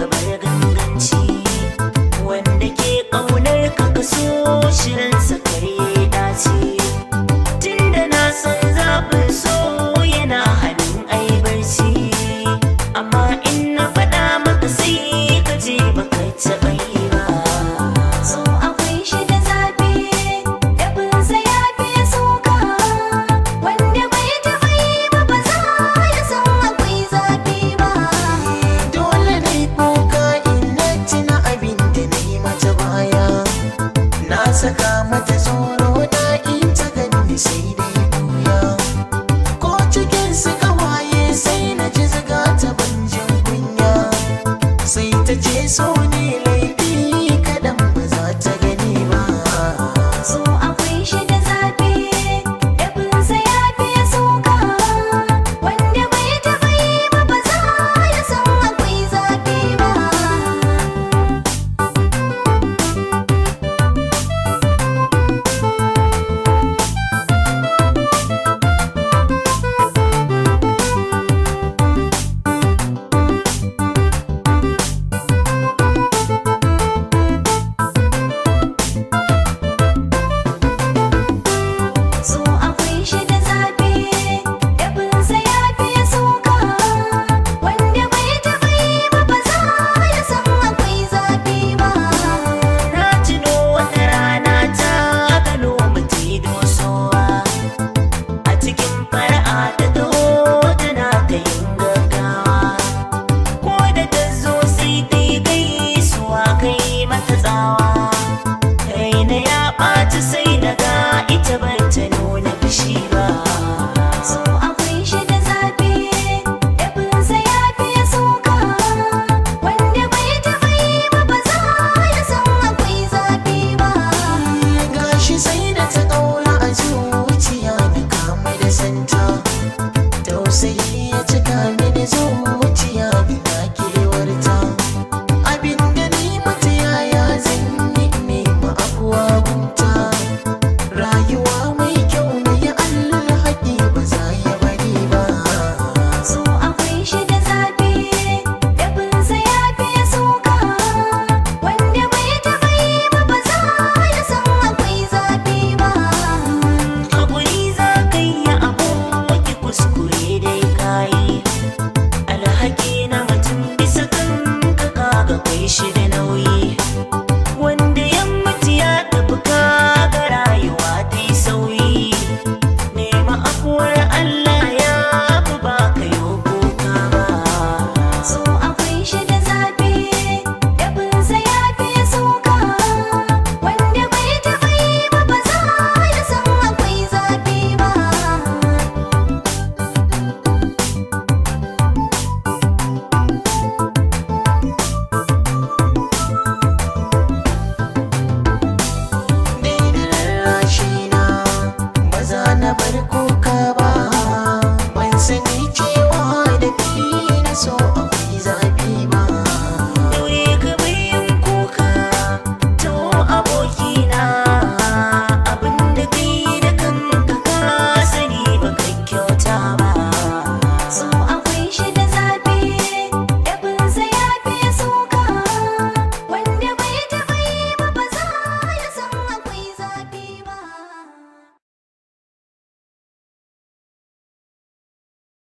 ka bar ganganci wanda ke ƙaunar ka ka so shirin sakare dace tunda na san zafin so